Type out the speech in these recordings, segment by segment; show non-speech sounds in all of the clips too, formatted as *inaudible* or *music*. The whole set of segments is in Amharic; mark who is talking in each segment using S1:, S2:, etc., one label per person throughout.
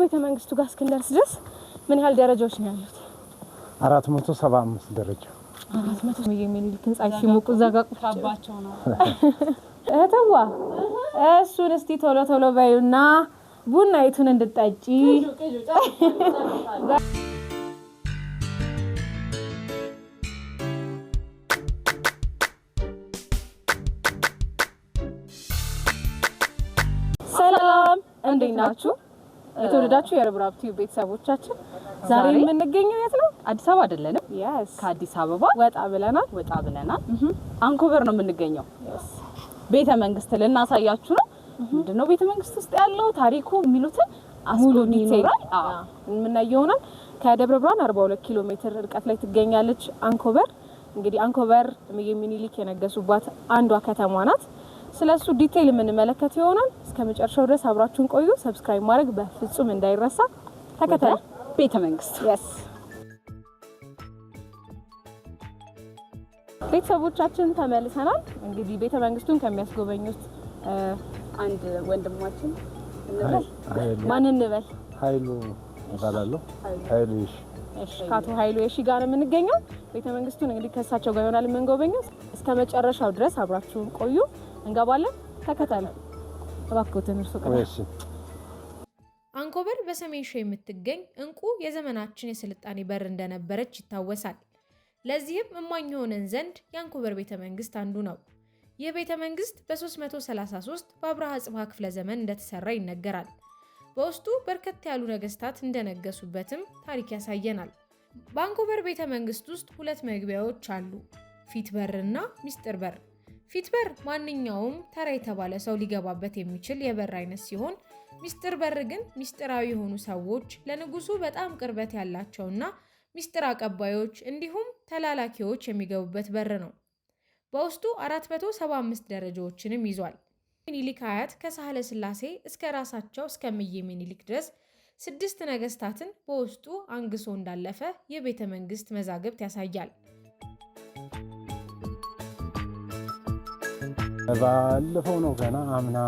S1: ቤተ መንግስቱ ጋር እስክንደርስ ድረስ ምን ያህል ደረጃዎች ነው ያሉት?
S2: አራት መቶ ሰባ አምስት ደረጃ
S1: አራት መቶ ሲሞቁ እዛ ጋር ነው። *laughs* እህትዋ እሱን እስቲ ቶሎ ቶሎ በዩና ቡናይቱን እንድጠጪ ሰላም፣ እንዴት ናችሁ? የተወደዳችሁ የርብራብቲ ቤተሰቦቻችን ዛሬ የምንገኘው የት ነው?
S3: አዲስ አበባ አይደለንም። ከአዲስ አበባ
S1: ወጣ ብለናል፣
S3: ወጣ ብለናል።
S1: አንኮበር ነው የምንገኘው። ቤተ መንግስት ልናሳያችሁ ነው። ምንድነው ቤተ መንግስት ውስጥ ያለው ታሪኩ የሚሉትን አስጎብኝ ይኖራል የምናየው ይሆናል። ከደብረ ብርሃን 42 ኪሎ ሜትር ርቀት ላይ ትገኛለች አንኮበር። እንግዲህ አንኮበር እቴጌ ምኒልክ የነገሱባት አንዷ ከተማ ናት። ስለሱ ዲቴይል የምንመለከት ይሆናል። እስከ መጨረሻው ድረስ አብራችሁን ቆዩ። ሰብስክራይብ ማድረግ በፍጹም እንዳይረሳ። ተከተለ ቤተ መንግስት ቤተሰቦቻችን ተመልሰናል። እንግዲህ ቤተ መንግስቱን ከሚያስጎበኙት አንድ ወንድማችን ማን እንበል
S2: ኃይሉ እባላለሁ። ኃይሉ
S1: እሺ፣ ከአቶ ኃይሉ የሺ ጋር የምንገኘው ቤተ መንግስቱን እንግዲህ ከእሳቸው ጋር ይሆናል የምንጎበኘው። እስከ መጨረሻው ድረስ አብራችሁን ቆዩ። እንገባለን። ተከተለ እባክዎትን
S2: እርሶ
S1: አንኮበር በሰሜን ሸዋ የምትገኝ እንቁ የዘመናችን የስልጣኔ በር እንደነበረች ይታወሳል። ለዚህም እማኝ የሆነን ዘንድ የአንኮበር ቤተ መንግስት አንዱ ነው። ይህ ቤተ መንግስት በ333 በአብርሃ ጽብሃ ክፍለ ዘመን እንደተሰራ ይነገራል። በውስጡ በርከት ያሉ ነገስታት እንደነገሱበትም ታሪክ ያሳየናል። በአንኮበር ቤተ መንግስት ውስጥ ሁለት መግቢያዎች አሉ፣ ፊት በር እና ሚስጥር በር። ፊት በር ማንኛውም ተራ የተባለ ሰው ሊገባበት የሚችል የበር አይነት ሲሆን ሚስጥር በር ግን ሚስጥራዊ የሆኑ ሰዎች ለንጉሱ በጣም ቅርበት ያላቸውና ሚስጥር አቀባዮች እንዲሁም ተላላኪዎች የሚገቡበት በር ነው። በውስጡ 475 ደረጃዎችንም ይዟል። ሚኒሊክ አያት ከሳህለ ስላሴ እስከ ራሳቸው እስከ እምዬ ሚኒሊክ ድረስ ስድስት ነገስታትን በውስጡ አንግሶ እንዳለፈ የቤተ መንግስት መዛግብት ያሳያል።
S2: ባለፈው ነው ገና አምና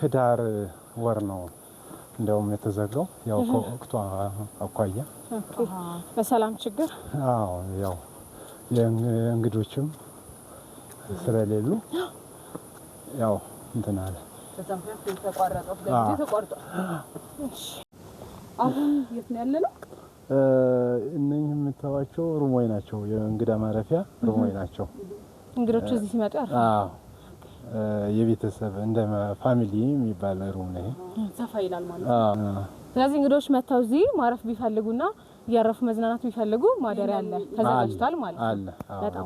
S2: ህዳር ወር ነው እንደውም የተዘጋው ያው ከወቅቱ አኳያ
S1: በሰላም ችግር
S2: አዎ ያው የእንግዶችም ስለሌሉ ያው እንትን አለ።
S1: አሁን የት ነው ያለነው?
S2: እነኝህ የምታዋቸው ሩሞይ ናቸው። የእንግዳ ማረፊያ ሩሞይ ናቸው።
S1: እንግዶቹ እዚህ ሲመጡ
S2: የቤተሰብ እንደ ፋሚሊ የሚባል ሩም ነው።
S1: ሰፋ ይላል ማለት ነው። ስለዚህ እንግዶች መጥተው እዚህ ማረፍ ቢፈልጉና እያረፉ መዝናናት ቢፈልጉ ማደሪያ አለ፣ ተዘጋጅቷል ማለት ነው። በጣም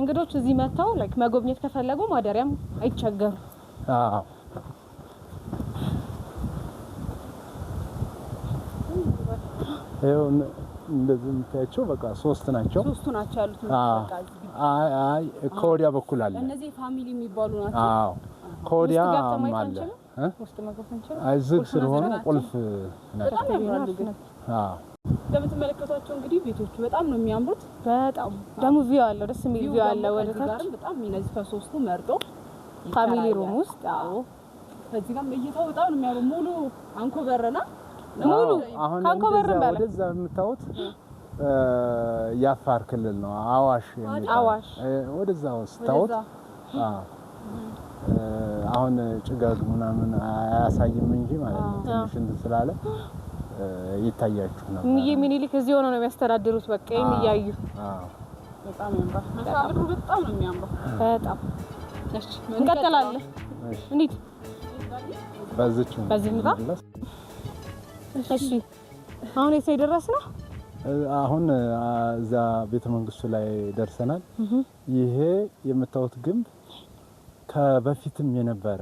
S1: እንግዶች እዚህ መጥተው መጎብኘት ከፈለጉ ማደሪያም አይቸገሩም።
S2: እንደዚህ የምታያቸው በቃ ሶስት ናቸው።
S1: ሶስቱ ናቸው ያሉት
S2: አይ ከወዲያ በኩል አለ።
S1: እነዚህ ፋሚሊ የሚባሉ ናቸው።
S2: አዎ ከወዲያ አለ። አይ ዝግ ስለሆነ ቁልፍ ናቸው። አዎ
S1: እንደምትመለከቷቸው እንግዲህ ቤቶቹ በጣም ነው የሚያምሩት። በጣም ደግሞ ቪው አለው፣ ደስ የሚል ቪው አለ ወደ ታች በጣም እነዚህ ከሶስቱ መርጦ ፋሚሊ ሩም ውስጥ አዎ። ከዚህ ጋር እይታው በጣም ነው የሚያምሩ ሙሉ አንኮበርና ሙሉ
S2: አንኮበርም በለ ወደዛ የምታዩት የአፋር ክልል ነው። አዋሽ ወደዛ ስታወት አሁን ጭጋግ ምናምን አያሳይም እንጂ ማለት ነው ትንሽ እንትን ስላለ ይታያችሁ
S1: ነው። ምኒልክ እዚህ ሆነው ነው የሚያስተዳድሩት። በቃ ይሄን እያዩ በጣም ያምራል። ነው እንቀጥላለን። እንዴት በዚህ እሺ፣ አሁን የት ነው የደረስነው?
S2: አሁን እዛ ቤተ መንግስቱ ላይ ደርሰናል። ይሄ የምታዩት ግንብ ከበፊትም የነበረ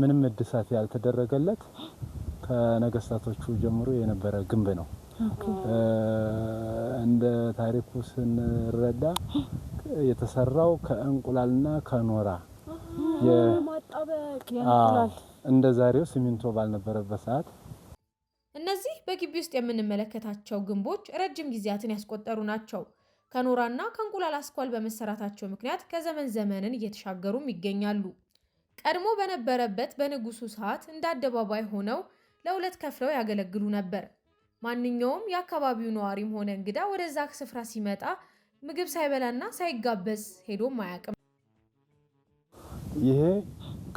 S2: ምንም እድሳት ያልተደረገለት ከነገስታቶቹ ጀምሮ የነበረ ግንብ ነው። እንደ ታሪኩ ስንረዳ የተሰራው ከእንቁላልና ከኖራ እንደ ዛሬው ሲሚንቶ ባልነበረበት ሰዓት
S1: በግቢ ውስጥ የምንመለከታቸው ግንቦች ረጅም ጊዜያትን ያስቆጠሩ ናቸው። ከኖራና ከእንቁላል አስኳል በመሰራታቸው ምክንያት ከዘመን ዘመንን እየተሻገሩም ይገኛሉ። ቀድሞ በነበረበት በንጉሱ ሰዓት እንደ አደባባይ ሆነው ለሁለት ከፍለው ያገለግሉ ነበር። ማንኛውም የአካባቢው ነዋሪም ሆነ እንግዳ ወደዛ ስፍራ ሲመጣ ምግብ ሳይበላና ሳይጋበዝ ሄዶም አያውቅም።
S2: ይሄ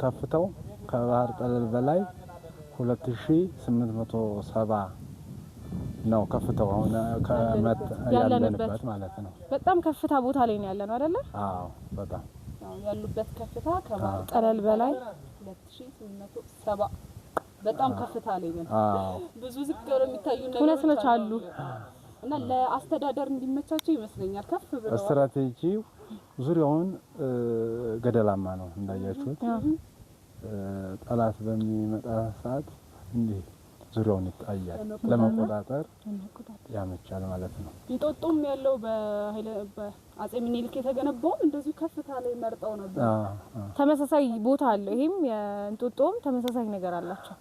S2: ከፍታው ከባህር ጠለል በላይ 2870 ነው ከፍታው አሁን ከመት ያለንበት ማለት ነው።
S1: በጣም ከፍታ ቦታ ላይ ነው ያለነው አይደለ?
S2: አዎ በጣም
S1: ያሉበት ከፍታ ከባህር በላይ 2870 በጣም ከፍታ ላይ ነው። አዎ ብዙ ዝቅ ብለው የሚታዩ ነገሮች አሉ እና ለአስተዳደር እንዲመቻቸው ይመስለኛል ከፍ ብለው
S2: ስትራቴጂው ዙሪያውን ገደላማ ነው እንዳያችሁት ጠላት በሚመጣ ሰዓት እንዲህ ዙሪያውን ይታያል። ለመቆጣጠር ያመቻል ማለት ነው።
S1: ቢጦጡም ያለው በአፄ ምኒልክ የተገነባውም እንደዚሁ ከፍታ ላይ መርጠው ነበር። ተመሳሳይ ቦታ አለው። ይሄም የእንጦጦም ተመሳሳይ ነገር አላቸው፣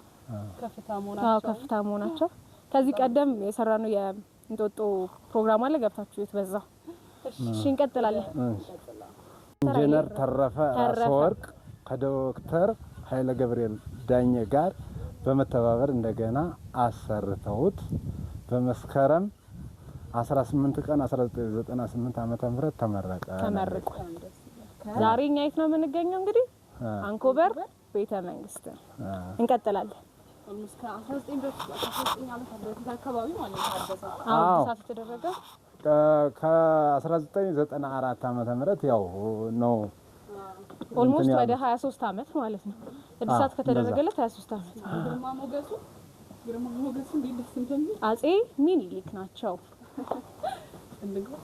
S1: ከፍታ መሆናቸው። ከዚህ ቀደም የሰራነው የእንጦጦ ፕሮግራም አለ፣ ገብታችሁ የት በዛው። እሺ እንቀጥላለን።
S2: ኢንጂነር ተረፈ አስወርቅ ከዶክተር ኃይለ ገብርኤል ዳኘ ጋር በመተባበር እንደገና አሰርተውት በመስከረም 18 ቀን 1998 ዓመተ ምህረት ተመረቀ
S1: ተመረቀ። ዛሬ እኛ የት ነው የምንገኘው? እንግዲህ አንኮበር ቤተ መንግስት እንቀጥላለን። ከ1994 ዓመተ
S2: ምህረት ያው ነው
S1: ኦልሞስት ወደ 23 አመት ማለት ነው። እድሳት ከተደረገለት 23 ዓመት አጼ ሚኒሊክ ናቸው።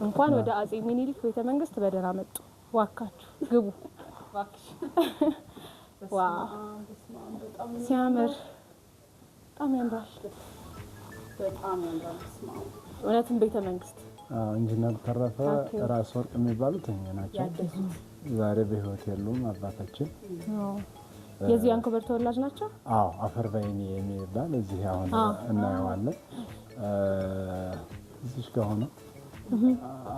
S1: እንኳን ወደ አጼ ሚኒሊክ ቤተ መንግስት በደህና መጡ። ዋካችሁ ግቡ። *laughs* ሲያምር በጣም ያምራል። እውነትም ቤተ መንግስት
S2: ኢንጂነር ተረፈ ራስ ወርቅ የሚባሉት ናቸው። ዛሬ በህይወት የሉም አባታችን።
S1: የዚህ አንኮበር ተወላጅ ናቸው።
S2: አዎ አፈር በይኔ የሚባል እዚህ አሁን እናየዋለን። እዚህ ከሆነ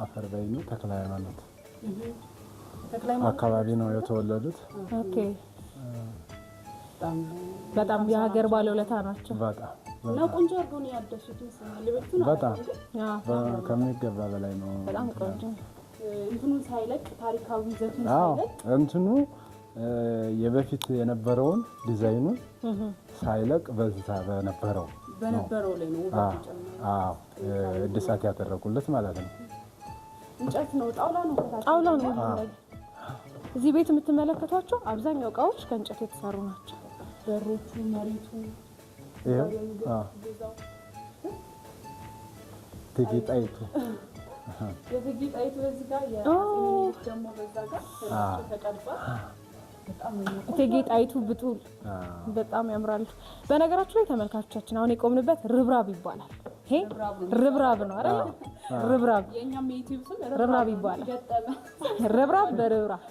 S2: አፈር በይኔ ተክለ ሃይማኖት አካባቢ ነው የተወለዱት።
S1: በጣም የሀገር ባለውለታ ናቸው።
S2: በጣም
S1: ቆንጆ አድርገው ነው ያደሱት።
S2: በጣም ከሚገባ በላይ ነው።
S1: በጣም ቆንጆ እንትኑን ሳይለቅ ታሪካዊ ይዘቱን
S2: ሳይለቅ እንትኑ የበፊት የነበረውን ዲዛይኑ ሳይለቅ በዛ በነበረው
S1: በነበረው ላይ ነው
S2: እድሳት ያደረጉለት ማለት ነው።
S1: እንጨት ነው፣ ጣውላ ነው፣ ጣውላ ነው። እዚህ ቤት የምትመለከቷቸው አብዛኛው እቃዎች ከእንጨት የተሰሩ ናቸው። በሮቹ፣ መሬቱ ይሄ ጣይቱ የዝጊ ጣይቱ በዚህ እቴጌ ጣይቱ ብጡል በጣም ያምራል። በነገራችሁ ላይ ተመልካቾቻችን አሁን የቆምንበት ርብራብ ይባላል። ይሄ ርብራብ ነው አይደል? ርብራብ ርብራብ ይባላል። ርብራብ በርብራብ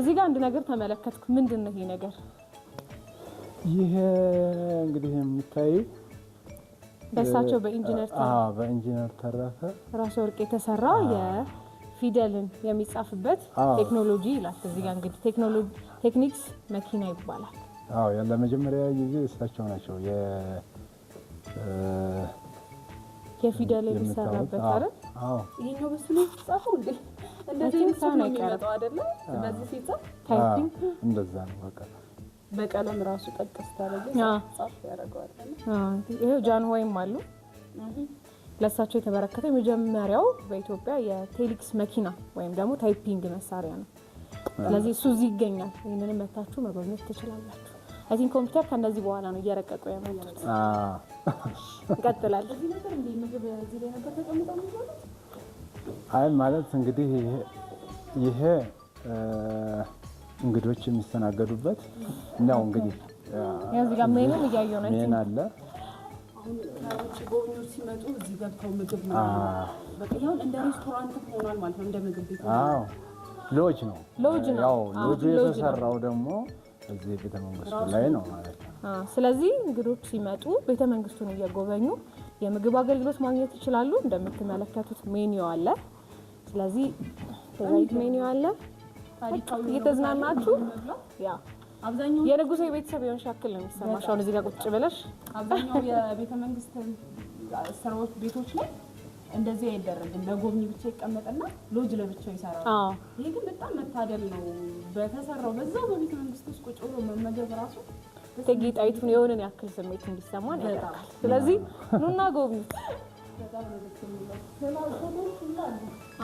S1: እዚህ ጋር አንድ ነገር ተመለከትኩ። ምንድን ነው ይሄ ነገር?
S2: ይሄ እንግዲህ የምታዩ
S1: በእሳቸው በኢንጂነር
S2: በኢንጂነር ተረፈ
S1: ራስ ወርቅ የተሰራ የፊደልን የሚጻፍበት ቴክኖሎጂ ይላል። እዚህ ጋር እንግዲህ ቴክኖሎጂ ቴክኒክስ መኪና ይባላል።
S2: አዎ ለመጀመሪያ ጊዜ እሳቸው ናቸው
S1: የፊደል የሚሰራበት አይደል? ይህኛው በስሉ ጻፉ እንዴ እንደዚህ ነው አይቀርም አደለ? እነዚህ ሲጻፍ ታይፒንግ
S2: እንደዛ ነው በቃ
S1: በቀለም ራሱ ጠቅስ ታደረገ ጻፍ ያደርገዋል። ይሄው ጃንሆይም አሉ። ለእሳቸው የተበረከተ የመጀመሪያው በኢትዮጵያ የቴሊክስ መኪና ወይም ደግሞ ታይፒንግ መሳሪያ ነው። ስለዚህ እሱ እዚህ ይገኛል። ይህንንም መታችሁ መጎብኘት ትችላላችሁ። አይ ኮምፒውተር ከእነዚህ በኋላ ነው እየረቀቁ የመጡት። ይቀጥላል።
S2: አይ ማለት እንግዲህ ይሄ እንግዶች የሚስተናገዱበት ነው። እንግዲህ እዚህ ሜን አለ ሎጅ ነው። ያው ሎጅ የተሰራው ደግሞ እዚህ ቤተ መንግስቱ ላይ ነው ማለት
S1: ነው። ስለዚህ እንግዶች ሲመጡ ቤተ መንግስቱን እየጎበኙ የምግብ አገልግሎት ማግኘት ይችላሉ። እንደምትመለከቱት ሜኒው አለ። ስለዚህ ሜኒው አለ እየተዝናናችሁ አብዛኛው የንጉሴ ቤተሰብ የሆንሽ ያክል ነው የሚሰማሽ። አሁን እዚህ ጋር ቁጭ ብለሽ አብዛኛው የቤተ መንግስት ስራዎች ቤቶች ላይ እንደዚህ አይደረግም። ለጎብኝ ብቻ ይቀመጥና ሎጅ ለብቻው ይሰራል። ይሄ ግን በጣም መታደል ነው። በተሰራው በዛው በቤተ መንግስት ውስጥ ቁጭ ብሎ መመገብ ራሱ እቴጌ ጣይቱን ያክል ስሜት እንዲሰማን ያደርጋል። ስለዚህ ኑና ጎብኚ።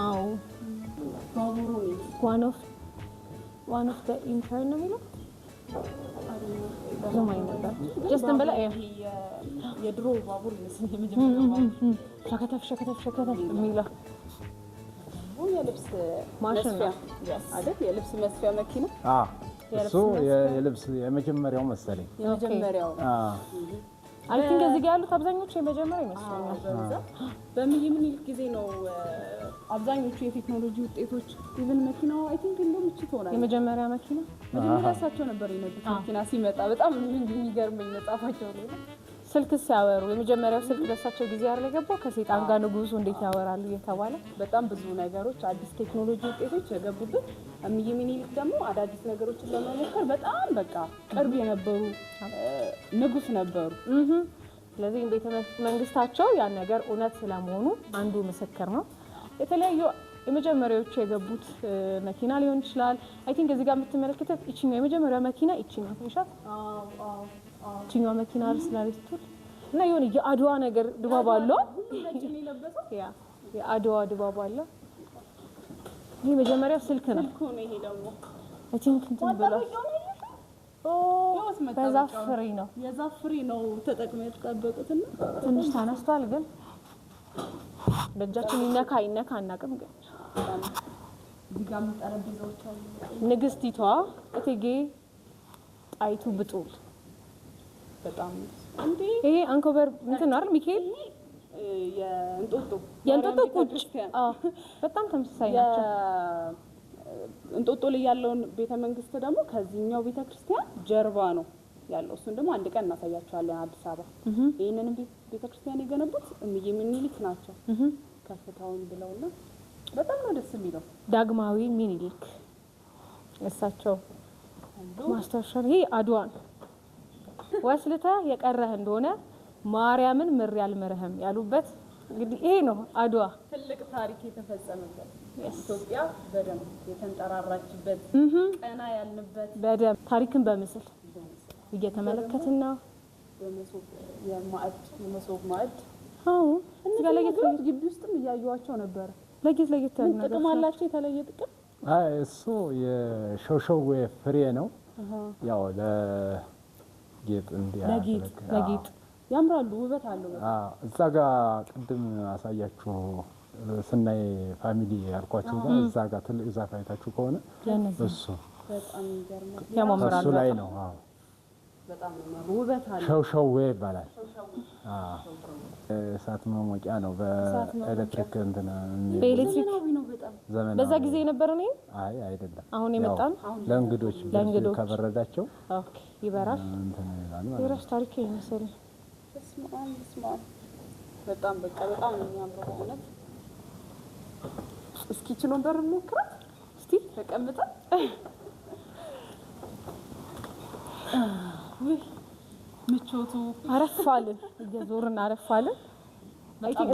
S1: አዎ ጓኖፍ ዋን ኦፍ ዘ ኢንተርን ነው የሚለው ብዙም አይነበር ጀስት እንበላ የድሮ ባቡር ሸከተፍ ሸከተፍ ሸከተፍ የሚለው የልብስ መስፊያ መኪና
S2: እሱ የልብስ የመጀመሪያው መሰለኝ።
S1: አይ ቲንክ እዚህ ጋር ያሉት አብዛኞቹ የመጀመሪያ ይመስለኛል። በምን ጊዜ ነው አብዛኞቹ የቴክኖሎጂ ውጤቶች ኢቨን መኪናው አይ ቲንክ እንደም እቺ ትሆናለች የመጀመሪያ መኪና መጀመሪያ እሳቸው ነበር የነዱት መኪና ሲመጣ በጣም የሚገርመኝ መጽሐፋቸው ነው። ስልክ ሲያወሩ የመጀመሪያው ስልክ በሳቸው ጊዜ ያለ ገባው ከሴጣን ጋር ንጉሱ እንዴት ያወራሉ እየተባለ በጣም ብዙ ነገሮች አዲስ ቴክኖሎጂ ውጤቶች የገቡበት እምዬ ምኒልክ ደግሞ አዳዲስ ነገሮችን ለመሞከር በጣም በቃ ቅርብ የነበሩ ንጉስ ነበሩ። ስለዚህ ቤተ መንግስታቸው ያን ነገር እውነት ስለመሆኑ አንዱ ምስክር ነው። የተለያዩ የመጀመሪያዎቹ የገቡት መኪና ሊሆን ይችላል። አይ ቲንክ እዚህ ጋር የምትመለከተት ይችኛው የመጀመሪያ መኪና ይችኛው ትንሻት ይችኛው መኪና ርስላሪስቱል እና የሆነ የአድዋ ነገር ድባብ አለው። የአድዋ ድባብ አለ። ይህ መጀመሪያ ስልክ ነው። አይ ቲንክ እንትን ብሏል። በዛፍ ፍሬ ነው። የዛፍ ፍሬ ነው ተጠቅመው የተጠበቁትና ትንሽ ተነስቷል ግን በእጃችን ይነካ ይነካ አናውቅም። ግን ንግስቲቷ እቴጌ ጣይቱ ብጡል በጣም ይሄ አንኮበር እንትን አይደል ሚካኤል የእንጦጦ ቁጭ በጣም ተመሳሳይ ናቸው። እንጦጦ ላይ ያለውን ቤተ መንግስት ደግሞ ከዚህኛው ቤተ ክርስቲያን ጀርባ ነው። ያለው። እሱን ደግሞ አንድ ቀን እናሳያቸዋለን አዲስ አበባ። ይህንንም ቤተክርስቲያን የገነቡት እምዬ ምኒልክ ናቸው። ከፍታውን ብለውና በጣም ነው ደስ የሚለው። ዳግማዊ ምኒልክ እሳቸው ማስታወሻ ይሄ አድዋን ወስልታ የቀረህ እንደሆነ ማርያምን ምር ያልምርህም ያሉበት እንግዲህ ይሄ ነው አድዋ ትልቅ ታሪክ የተፈጸመበት ኢትዮጵያ በደም የተንጠራራችበት ቀና ያልንበት በደም ታሪክን በምስል እየተመለከትን ነው። የመሶብ ማዕድ አዎ፣ እዚህ ለየት ግቢ ውስጥም እያየኋቸው ነበረ። ለየት ለየት ያሉ ነገር ጥቅም አላቸው። የተለየ ጥቅም
S2: እሱ የሾሾዌ ፍሬ ነው። ያው ለጌጥ እንዲያ
S1: ለጌጥ ያምራሉ፣ ውበት አለው።
S2: እዛ ጋ ቅድም አሳያችሁ ስናይ ፋሚሊ ያልኳችሁ ጋር እዛ ጋር ትልቅ ዛፍ አይታችሁ ከሆነ እሱ ያማምራል። እሱ ላይ ነው። አዎ ሸው ሸው ይባላል። እሳት መሞቂያ ነው። በኤሌክትሪክ እንትን
S1: በዛ ጊዜ የነበረ ነው።
S2: አይ አይደለም፣ አሁን የመጣን ለእንግዶች ከበረዳቸው
S1: ይበራል። የራስ ታሪክ ይመስል በጣም በቃ በጣም የሚያምረው። እስኪ ችሎን በር ሞክራት እስቲ ተቀምጠ ምቾቱ አረፋልን፣ እየዞርን አረፋልን።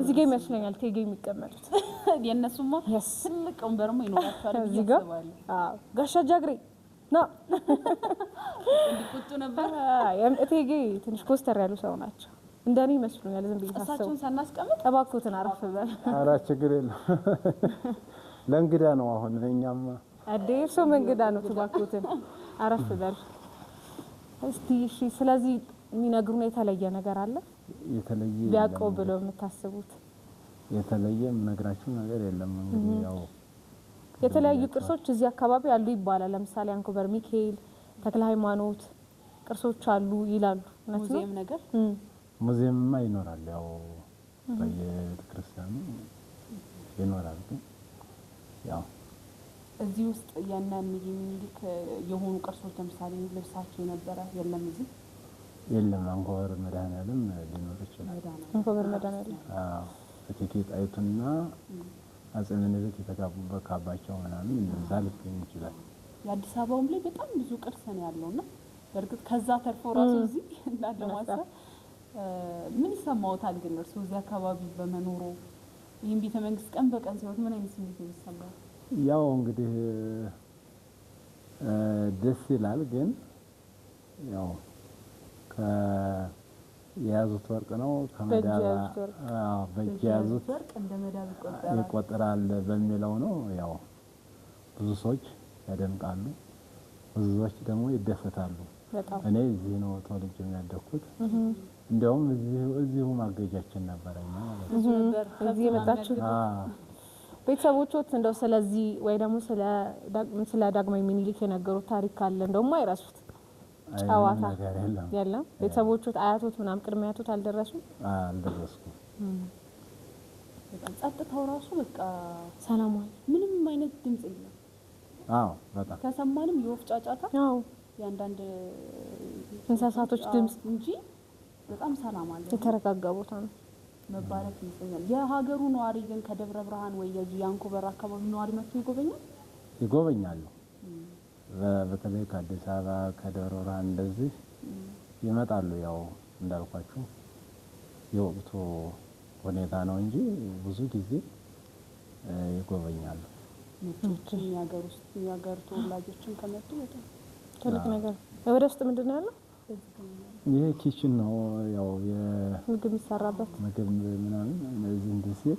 S1: እዚህ ጋ ይመስለኛል ቴጌ የሚቀመጡት *laughs* የእነሱማ ትልቅ ወንበርማ ይኖራቸዋል። እዚህ ጋ ጋሻ ጃግሬ ና እንዲቁጡ ነበር። *laughs* ቴጌ ትንሽ ኮስተር ያሉ ሰው ናቸው። እንደኔ ይመስሉኛል። ዝም ብዬ ታሰቡ ሳናስቀምጥ እባክዎትን አረፍ በል።
S2: ኧረ ችግር የለም *laughs* ለእንግዳ ነው። አሁን ለእኛማ
S1: አዴ እርስዎም እንግዳ ነው። እባክዎትን አረፍ በል። እስቲ እሺ፣ ስለዚህ የሚነግሩን የተለየ ነገር አለ? የተለየ ቢያቆ ብሎ የምታስቡት
S2: የተለየ የምነግራችሁ ነገር የለም። እንግዲህ ያው
S1: የተለያዩ ቅርሶች እዚህ አካባቢ አሉ ይባላል። ለምሳሌ አንኮበር ሚካኤል፣ ተክለ ሃይማኖት ቅርሶች አሉ ይላሉ። ሙዚየም ነገር
S2: ሙዚየምማ ይኖራል፣ ያው በየቤተክርስቲያኑ ይኖራል ግን ያው
S1: እዚህ ውስጥ ያና ምኒልክ የሆኑ ቅርሶች ለምሳሌ ልብሳቸው የነበረ የለም፣ እዚህ
S2: የለም። አንኮበር መድኃኔዓለም ሊኖር ይችላል።
S1: አንኮበር መድኃኔዓለም
S2: እቴጌ ጣይቱና አፄ ምኒልክ የተጋቡበት ካባቸው ምናምን እንደዛ ሊገኝ ይችላል።
S1: የአዲስ አበባውም ላይ በጣም ብዙ ቅርስ ነው ያለው እና በእርግጥ ከዛ ተርፎ ራሱ እዚህ *laughs* እንዳለ ማሰብ ምን ይሰማዎታል? ግን እርሱ እዚህ አካባቢ በመኖሩ ይህም ቤተ መንግስት ቀን በቀን ሲወት ምን አይነት ስሜት ነው የሚሰማው?
S2: ያው እንግዲህ ደስ ይላል፣ ግን ያው የያዙት ወርቅ ነው በእጅ የያዙት ይቆጠራል በሚለው ነው። ያው ብዙ ሰዎች ያደምቃሉ፣ ብዙ ሰዎች ደግሞ ይደሰታሉ። እኔ እዚህ ነው ተወልጄ ያደግኩት። እንዲያውም እዚሁ ማገጃችን ነበረኝ
S1: ማለት ነው። ቤተሰቦቾት እንደው ስለዚህ ወይ ደግሞ ስለ ዳግማዊ ሚኒሊክ የነገሩት ታሪክ ካለ እንደውም አይረሱት ጨዋታ የለም። ቤተሰቦቾት አያቶት ምናምን ቅድመ አያቶት አልደረሱም አልደረስኩ ጸጥታው ራሱ በቃ ሰላም አለ። ምንም አይነት ድምጽ የለም። አዎ በጣም ከሰማንም የወፍ ጫጫታ፣ የአንዳንድ እንስሳቶች ድምጽ እንጂ በጣም ሰላም አለ። የተረጋጋ ቦታ ነው። መባረክ ይመስለኛል። የሀገሩ ነዋሪ ግን ከደብረ ብርሃን ወይ የዚህ የአንኮበር አካባቢ ነዋሪ መጥቶ ይጎበኛል ይጎበኛሉ።
S2: በተለይ ከአዲስ አበባ ከደብረ ብርሃን እንደዚህ ይመጣሉ። ያው እንዳልኳችሁ የወቅቱ ሁኔታ ነው እንጂ ብዙ ጊዜ ይጎበኛሉ።
S1: ሀገር ውስጥ የሀገር ተወላጆችን ከመጡ በጣም ትልቅ ነገር ወደ ውስጥ ምንድን ነው ያለው
S2: ይሄ ኪችን ነው ያው
S1: ምግብ የሚሰራበት
S2: ምግብ ምናምን እዚህ እንደዚህ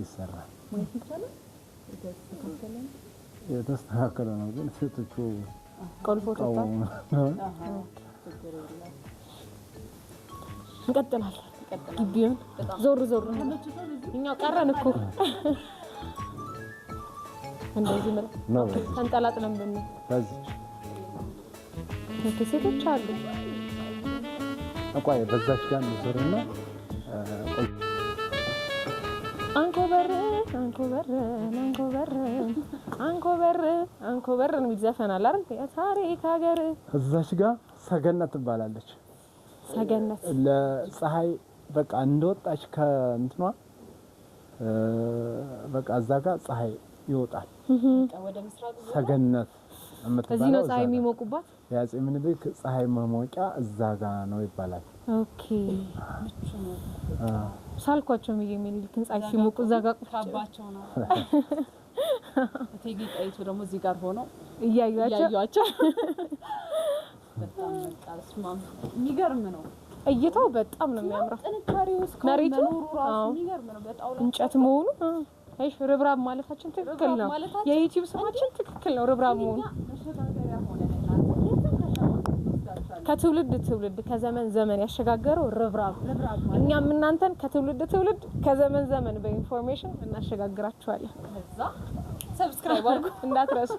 S2: ይሰራል። የተስተካከለ ነው ግን ሴቶቹ
S1: ቆልፎ ግቢውን ዞር ዞር እኛው ቀረን እኮ እንደዚህ ተንጠላጥለን ብንል የሚፈቱ ሴቶች አሉ።
S2: አቋይ በዛች ጋር ንዝርና
S1: አንኮበርን አንኮበር አንኮበር አንኮበር አንኮበር የሚል ዘፈን አለ አይደል? የታሪክ ሀገር
S2: እዛች ጋር ሰገነት ትባላለች። ሰገነት ለፀሐይ በቃ እንደወጣች ከእንትኗ በቃ እዛ ጋር ፀሐይ ይወጣል። ሰገነት
S1: እዚህ ነው ፀሐይ የሚሞቁባት የአፄ
S2: ምኒልክ ፀሐይ መሞቂያ እዛ ጋ ነው ይባላል። ኦኬ
S1: ሳልኳቸው ምዬ ምኒልክን ፀሐይ ሲሞቁ እዛ ጋ ቁጭባቸው ነው። *laughs* እቴጌ ጣይቱ ደግሞ እዚህ ጋር ሆነው እያዩዋቸው *laughs* በጣም በቃ ስማም የሚገርም ነው። እይታው በጣም ነው የሚያምረው። መሬቱ እንጨት መሆኑ አይሽ ርብራብ ማለታችን ትክክል ነው። የዩቲዩብ ስማችን ትክክል ነው። ርብራብ መሆኑ ከትውልድ ትውልድ ከዘመን ዘመን ያሸጋገረው ርብራብ። እኛም እናንተን ከትውልድ ትውልድ ከዘመን ዘመን በኢንፎርሜሽን እናሸጋግራችኋለን። ሰብስክራይብ እንዳትረሱ።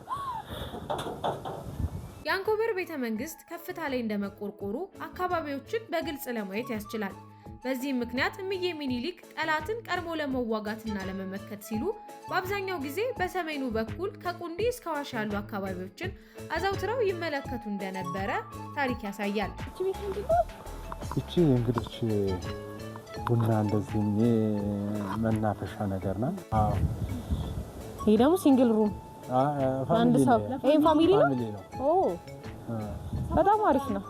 S1: የአንኮበር ቤተ መንግስት ከፍታ ላይ እንደመቆርቆሩ አካባቢዎችን በግልጽ ለማየት ያስችላል። በዚህም ምክንያት እምዬ ሚኒሊክ ጠላትን ቀድሞ ለመዋጋትና ለመመከት ሲሉ በአብዛኛው ጊዜ በሰሜኑ በኩል ከቁንዲ እስከ ዋሻ ያሉ አካባቢዎችን አዘውትረው ይመለከቱ እንደነበረ ታሪክ ያሳያል።
S2: እቺ እንግዲህ ቡና እንደዚህ መናፈሻ ነገር ናት።
S1: ይህ ደግሞ ሲንግል ሩም አንድ ሰው ፋሚሊ ነው። በጣም አሪፍ ነው።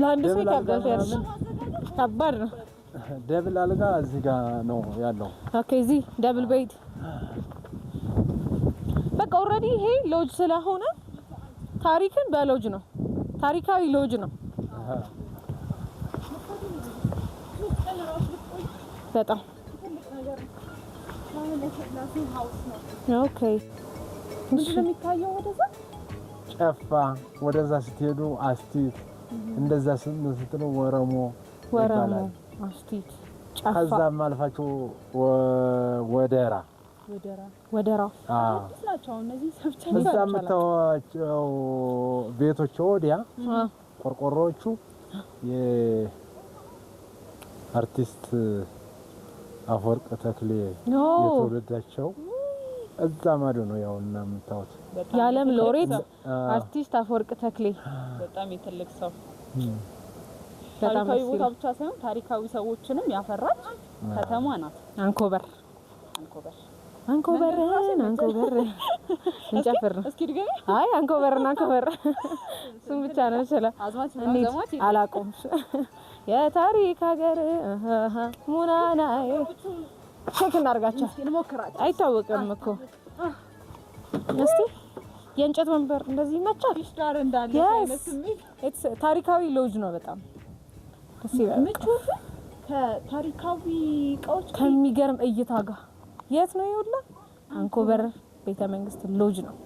S1: ለአንድ ሰው ይከብዳል። ከባድ ነው።
S2: ደብል አልጋ እዚህ ጋር ነው ያለው።
S1: ኦኬ፣ እዚህ ደብል ቤት በቃ ኦልሬዲ ይሄ ሎጅ ስለሆነ ታሪክን በሎጅ ነው። ታሪካዊ ሎጅ ነው። በጣም ኦኬ። ምንድን ነው የሚታየው? ወደዛ
S2: ጨፋ፣ ወደዛ ስትሄዱ አስቲት እንደዛ ስትለው ወረሞ
S1: ይባላል። አስቲት
S2: ከዛም አልፋቸው ወደራ
S1: ወደራ ወደራ
S2: የምታዋቸው ቤቶች ወዲያ ቆርቆሮዎቹ የአርቲስት አፈወርቅ ተክሌ የትውልዳቸው እዛ ማዶ ነው የምታዩት የዓለም
S1: ሎሬት አርቲስት አፈወርቅ ተክሌ በጣም የተለቅ ሰው ታሪካዊ ቦታ ብቻ ሳይሆን ታሪካዊ ሰዎችንም ያፈራች ከተማ ናት። አንኮበር አንኮበር አንኮበር አንኮበር እንጨፍር። እስኪ ድገም። አይ አንኮበር አንኮበር እሱም ብቻ ነው ይችላል። አዝማች አላቆም የታሪክ ሀገር ሙናናይ ቼክ እናርጋቸው። አይታወቅም እኮ እስቲ የእንጨት ወንበር እንደዚህ ይመቻል። ስታር እንዳለ ታሪካዊ ሎጅ ነው። በጣም ደስ ይላል። ምቾት ከታሪካዊ እቃዎች ከሚገርም እይታ ጋር የት ነው ይውላ አንኮበር ቤተ መንግስት ሎጅ ነው።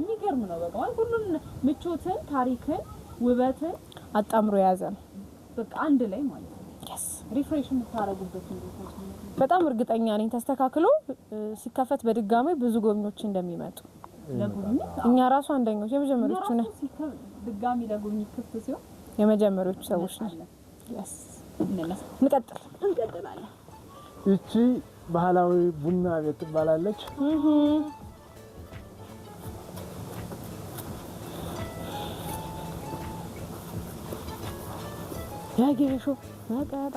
S1: የሚገርም ነው። በቃ ሁሉም ምቾትን፣ ታሪክን፣ ውበትን አጣምሮ የያዘ ነው። በቃ አንድ ላይ ማለት ነው። ሪፍሬሽ የምታረጉበት በጣም እርግጠኛ ነኝ። ተስተካክሎ ሲከፈት በድጋሚ ብዙ ጎብኞች እንደሚመጡ እኛ ራሱ አንደኛው የመጀመሪያዎቹ ነን። ድጋሚ ለጉብኝት ክፍት ሲሆን የመጀመሪያዎቹ ሰዎች ነን። እንቀጥል እንቀጥላለን።
S2: ይቺ ባህላዊ ቡና ቤት ትባላለች።
S1: ያጌሾ መቀጣ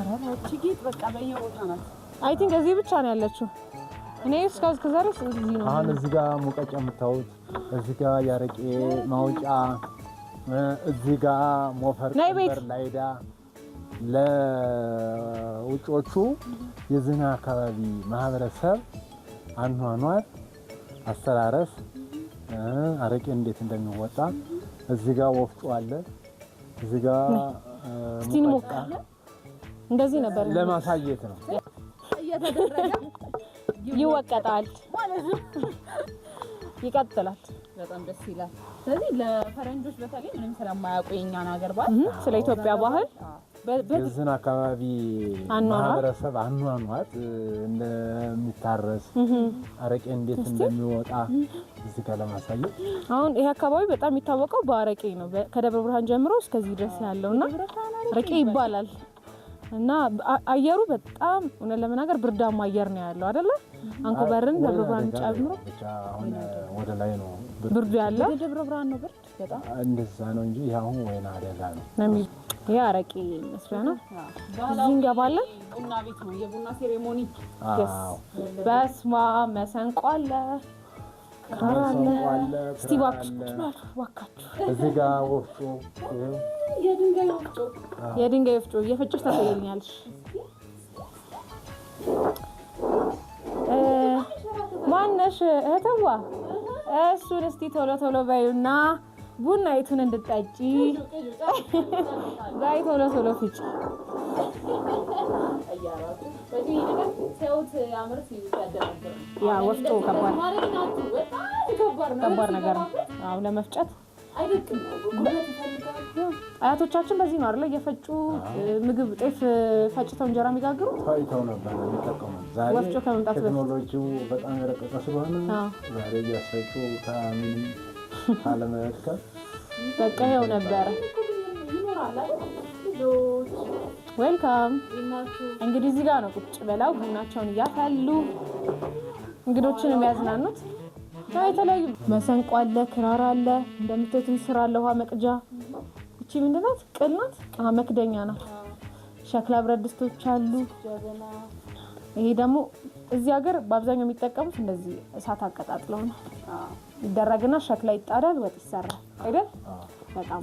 S1: አራራቺ ጌጥ በቃ በየቦታ ናት። አይ ቲንክ እዚህ ብቻ ነው ያለችው። እኔ እስካሁን ከዛሬ እዚህ ነው። አሁን እዚህ ጋር
S2: ሙቀጫ የምታዩት፣ እዚህ ጋር ያረቄ ማውጫ፣ እዚህ ጋር ሞፈር በር ላይዳ ለውጮቹ የዝና አካባቢ ማህበረሰብ አኗኗር፣ አስተራረስ፣ አረቄ እንዴት እንደሚወጣ እዚህ ጋር ወፍጮ አለ። እዚህ ጋር
S1: እስቲ እንሞክር። እንደዚህ ነበር ለማሳየት ነው። እየተደረገ ይወቀጣል ማለት ነው። ይቀጥላል። በጣም ደስ ይላል። ስለዚህ ለፈረንጆች በተለይ ምንም ስለማያውቁ ሀገር ባህል ስለ ኢትዮጵያ ባህል የዚህን አካባቢ ማህበረሰብ አኗኗት እንደሚታረስ አረቄ እንዴት እንደሚወጣ እዚህ ጋር አሁን ይሄ አካባቢ በጣም የሚታወቀው በአረቄ ነው። ከደብረ ብርሃን ጀምሮ እስከዚህ ድረስ ያለውና አረቄ ይባላል። እና አየሩ በጣም እውነት ለመናገር ብርዳማ አየር ነው ያለው አይደለ? አንኮበርን ደብረ ብርሃን ጨምሮ ወደ ላይ ነው ብርዱ ያለ። ደብረ ብርሃን ነው ብርድ በጣም
S2: እንደዛ ነው እንጂ ያሁን ወይና አደጋ ነው።
S1: ይሄ አረቂ መስሪያ ነው። እዚህ እንገባለን። ቡና ቤት ነው የቡና ሴሬሞኒ። በስማ መሰንቆ አለ እስቲ እባክሽ ቁጭ በሉ እባካችሁ።
S2: እዚህ ጋር ወፍጮ፣
S1: የድንጋይ ወፍጮ እየፈጨሽ ታሳየኛለሽ። ማነሽ እህትዋ? እሱን እስቲ ቶሎ ቶሎ በዩና ቡና ይቱን እንድጠጪ በይ ቶሎ ቶሎ ፍጭ? ያ ወፍጮ ከባድ ከባድ ነገር ነው። ለመፍጨት አያቶቻችን በዚህ ነው አይደለ? እየፈጩ ምግብ ጤፍ ፈጭተው እንጀራ የሚጋግሩ ፈጭተው
S2: ነበር የሚጠቀሙት። ወፍጮ ከመምጣት ቴክኖሎጂው በጣም የረቀቀ ስለሆነ ዛሬ እያስፈጩ ታሚን *laughs* አለመድከል
S1: በቃ ይኸው ነበረ ዌልካም። እንግዲህ እዚህ ጋር ነው ቁጭ ብለው ቡናቸውን እያፈሉ እንግዶችን የሚያዝናኑት። የተለያዩ መሰንቆ አለ፣ ክራር አለ፣ እንደምትትን ስራ አለ፣ ውሃ መቅጃ። እቺ ምንድን ናት? ቅል ናት፣ መክደኛ ናት። ሸክላ ብረት ድስቶች አሉ። ይሄ ደግሞ እዚህ ሀገር በአብዛኛው የሚጠቀሙት እንደዚህ እሳት አቀጣጥለው ነው ይደረግና ሸክላ ይጣዳል፣ ወጥ ይሰራል አይደል? በጣም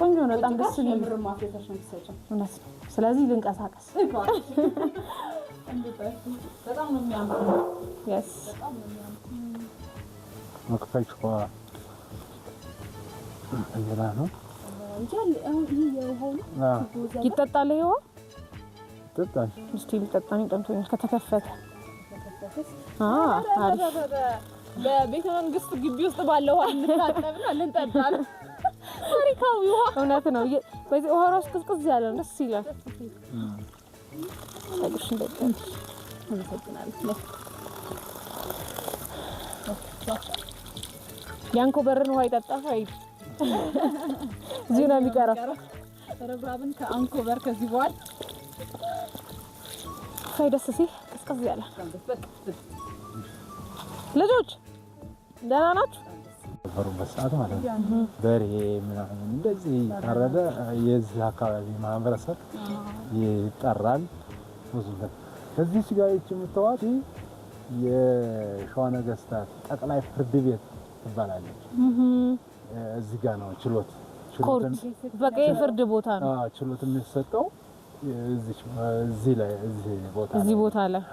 S1: ቆንጆ ነው። በጣም ደስ የሚል እውነት ነው። ስለዚህ ልንቀሳቀስ ነው። ይጠጣል ይኸው ሊጠጣ ጠምቶኛል። ከተከፈተ አሪፍ። መንግስት ግቢ ውስጥ ባለው ልንታጠብ ነው ታሪካዊ ውሃ እውነት ነው። በዚህ ውሃ ራሱ ቅዝቅዝ ያለ ነው፣ ደስ ይላል። ያንኮ በርን ውሃ ይጠጣ። አይ እዚሁ ነው የሚቀረው። ረብራብን ከአንኮ ከዚህ በኋላ ሳይ ደስ ሲል ቅዝቅዝ ያለ ልጆች ደህና ናችሁ?
S2: በነበሩበት ሰዓት ማለት ነው። በሬ ምናምን እንደዚህ ታረደ። የዚህ አካባቢ ማህበረሰብ ይጠራል። እዚህ ስጋዎች የምትዋት የሸዋ ነገስታት ጠቅላይ ፍርድ ቤት ትባላለች። እዚህ ጋ ነው ችሎት
S1: በቃ የፍርድ ቦታ ነው ችሎት
S2: የሚሰጠው እዚህ
S1: ቦታ ላይ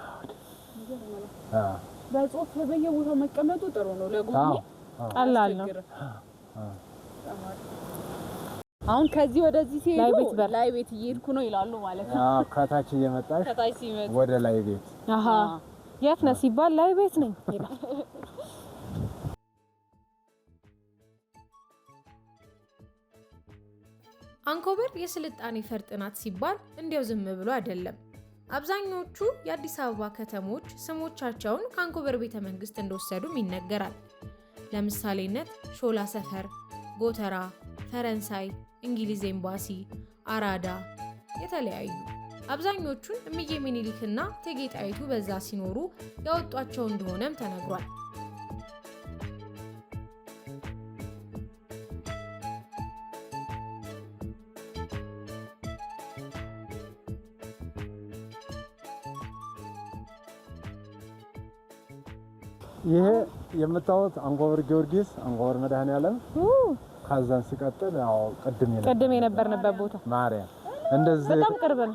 S1: በጽሁፍ በየቦታው መቀመጡ ጥሩ ነው ለጎብኚ ቀላል ነው። አሁን ከዚህ ወደዚህ ሲሄዱ ላይ ቤት እየሄድኩ ነው ይላሉ ማለት ነው። አዎ ከታች እየመጣሽ
S2: ወደ ላይ ቤት። አሃ
S1: የት ነህ ሲባል ላይ ቤት ነኝ። አንኮበር የስልጣኔ ፈርጥ ናት ሲባል እንዲያው ዝም ብሎ አይደለም። አብዛኞቹ የአዲስ አበባ ከተሞች ስሞቻቸውን ከአንኮበር ቤተ መንግስት እንደወሰዱም ይነገራል። ለምሳሌነት ሾላ ሰፈር፣ ጎተራ፣ ፈረንሳይ፣ እንግሊዝ ኤምባሲ፣ አራዳ የተለያዩ አብዛኞቹን እምዬ ሚኒሊክና እቴጌ ጣይቱ በዛ ሲኖሩ ያወጧቸው እንደሆነም ተነግሯል።
S2: ይሄ የምታዩት አንኮበር ጊዮርጊስ፣ አንኮበር መድኃኔዓለም ከዛን ሲቀጥል ያው ቅድም የነበረ ቅድም
S1: የነበርንበት ቦታ ማርያም እንደዚህ በጣም ቅርብ ነው።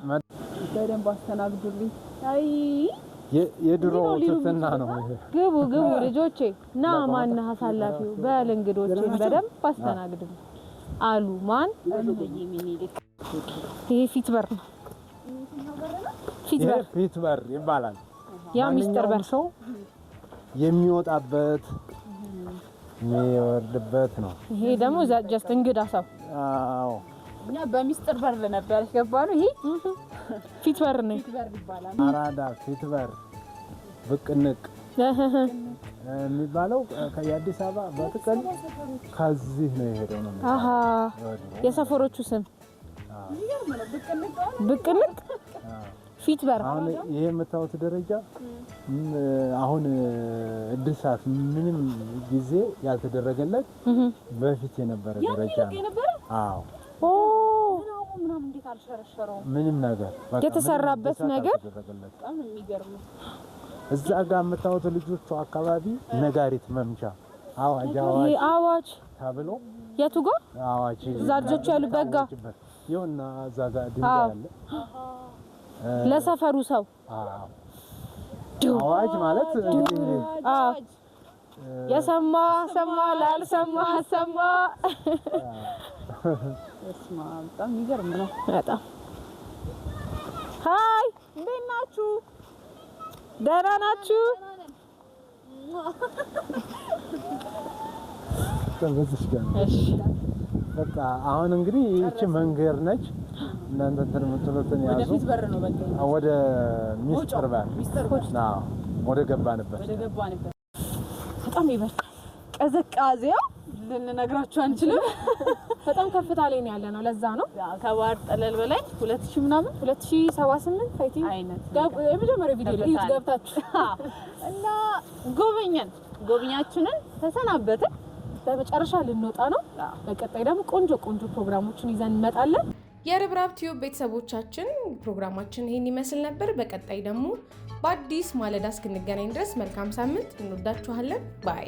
S1: በደንብ አስተናግዱልኝ። አይ
S2: የድሮ ትትና ነው። ግቡ
S1: ግቡ ልጆቼ ና ማን አሳላፊው በል እንግዶችን በደንብ አስተናግዱልኝ አሉ። ማን ይሄ ፊት በር ነው።
S2: ፊት በር ይባላል።
S1: ያ ሚስጥር በር ሰው
S2: የሚወጣበት የሚወርድበት ነው። ይሄ
S1: ደግሞ ጀስት እንግዳ ሰው አዎ እኛ በሚስጥር በር ነበር ያስገባነው። ይሄ ፊት በር ነው፣
S2: አራዳ ፊት በር ብቅንቅ የሚባለው የአዲስ አበባ በጥቅል ከዚህ ነው የሄደው ነው።
S1: የሰፈሮቹ ስም ብቅንቅ ፊት በር
S2: አሁን ይሄ የምታዩት ደረጃ አሁን እድሳት ምንም ጊዜ ያልተደረገለት በፊት የነበረ ደረጃ
S1: ነው። አዎ ኦ ምንም ነገር የተሰራበት ነገር
S2: እዛ ጋር የምታዩት ልጆቹ አካባቢ ነጋሪት መምቻ አዋጅ አዋጅ አዋጅ
S1: ታብሎ የቱ ጋር አዋጅ እዛ ልጆቹ ያሉበት ጋር ይሁንና
S2: እዛ ጋር ድንጋይ አለ
S1: ለሰፈሩ ሰው
S2: አዋጅ ማለት
S1: የሰማ ሰማ ላልሰማ ሰማ። በጣም የሚገርም ነው። በጣም ሀይ፣ እንዴት ናችሁ? ደህና ናችሁ?
S2: በቃ አሁን እንግዲህ ይቺ መንገድ ነች። እናንተ እንትን የምትሉትን ያዙ። ወደ ወደ ገባንበት
S1: በጣም ይበርታል ልንነግራችሁ አንችልም። *laughs* በጣም ከፍታ ላይ ነው ያለ ነው። ለዛ ነው ከባህር ጠለል በላይ ሁለት ሺህ ምናምን ሁለት ሺህ ሰባ ስምንት የመጀመሪያ ቪዲዮ ገብታችሁ *laughs* እና ጎበኘን ጎብኛችንን ተሰናበትን። በመጨረሻ ልንወጣ ነው። በቀጣይ ደግሞ ቆንጆ ቆንጆ ፕሮግራሞችን ይዘን እንመጣለን። የርብራብ ቲዩብ ቤተሰቦቻችን ፕሮግራማችን ይህን ይመስል ነበር። በቀጣይ ደግሞ በአዲስ ማለዳ እስክንገናኝ ድረስ መልካም ሳምንት። እንወዳችኋለን ባይ